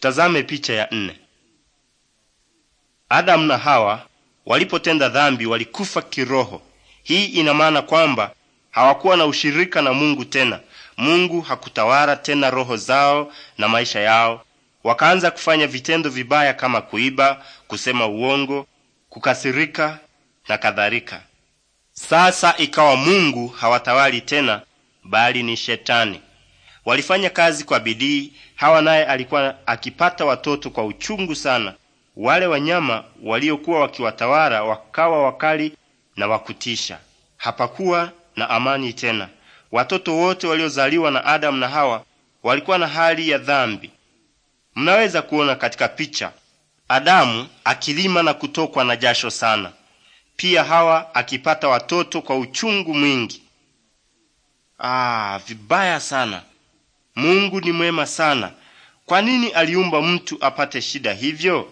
Tutazame picha ya nne. Adamu na Hawa walipotenda dhambi walikufa kiroho. Hii ina maana kwamba hawakuwa na ushirika na Mungu tena. Mungu hakutawala tena roho zao na maisha yao. Wakaanza kufanya vitendo vibaya kama kuiba, kusema uongo, kukasirika na kadhalika. Sasa ikawa Mungu hawatawali tena, bali ni Shetani. Walifanya kazi kwa bidii. Hawa naye alikuwa akipata watoto kwa uchungu sana. Wale wanyama waliokuwa wakiwatawala wakawa wakali na wakutisha. Hapakuwa na amani tena. Watoto wote waliozaliwa na Adamu na Hawa walikuwa na hali ya dhambi. Mnaweza kuona katika picha Adamu akilima na kutokwa na jasho sana, pia Hawa akipata watoto kwa uchungu mwingi. Ah, vibaya sana. Mungu ni mwema sana. Kwa nini aliumba mtu apate shida hivyo?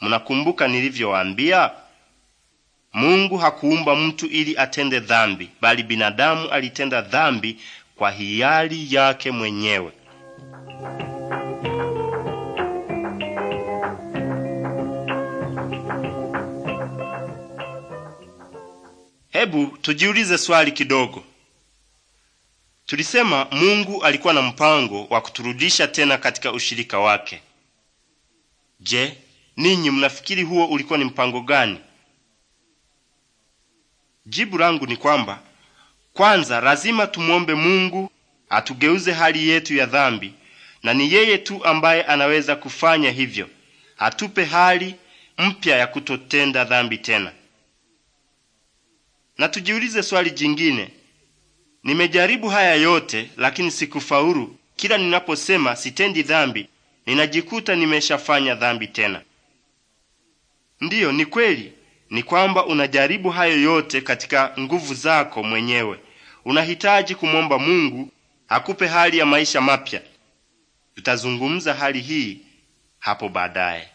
Mnakumbuka nilivyowaambia, Mungu hakuumba mtu ili atende dhambi, bali binadamu alitenda dhambi kwa hiari yake mwenyewe. Hebu tujiulize swali kidogo. Tulisema Mungu alikuwa na mpango wa kuturudisha tena katika ushirika wake. Je, ninyi mnafikiri huo ulikuwa ni mpango gani? Jibu langu ni kwamba kwanza lazima tumwombe Mungu atugeuze hali yetu ya dhambi, na ni yeye tu ambaye anaweza kufanya hivyo, atupe hali mpya ya kutotenda dhambi tena. Na tujiulize swali jingine: Nimejaribu haya yote lakini sikufaulu. Kila ninaposema sitendi dhambi, ninajikuta nimeshafanya dhambi tena. Ndiyo, ni kweli ni kwamba unajaribu hayo yote katika nguvu zako mwenyewe. Unahitaji kumwomba Mungu akupe hali ya maisha mapya. Tutazungumza hali hii hapo baadaye.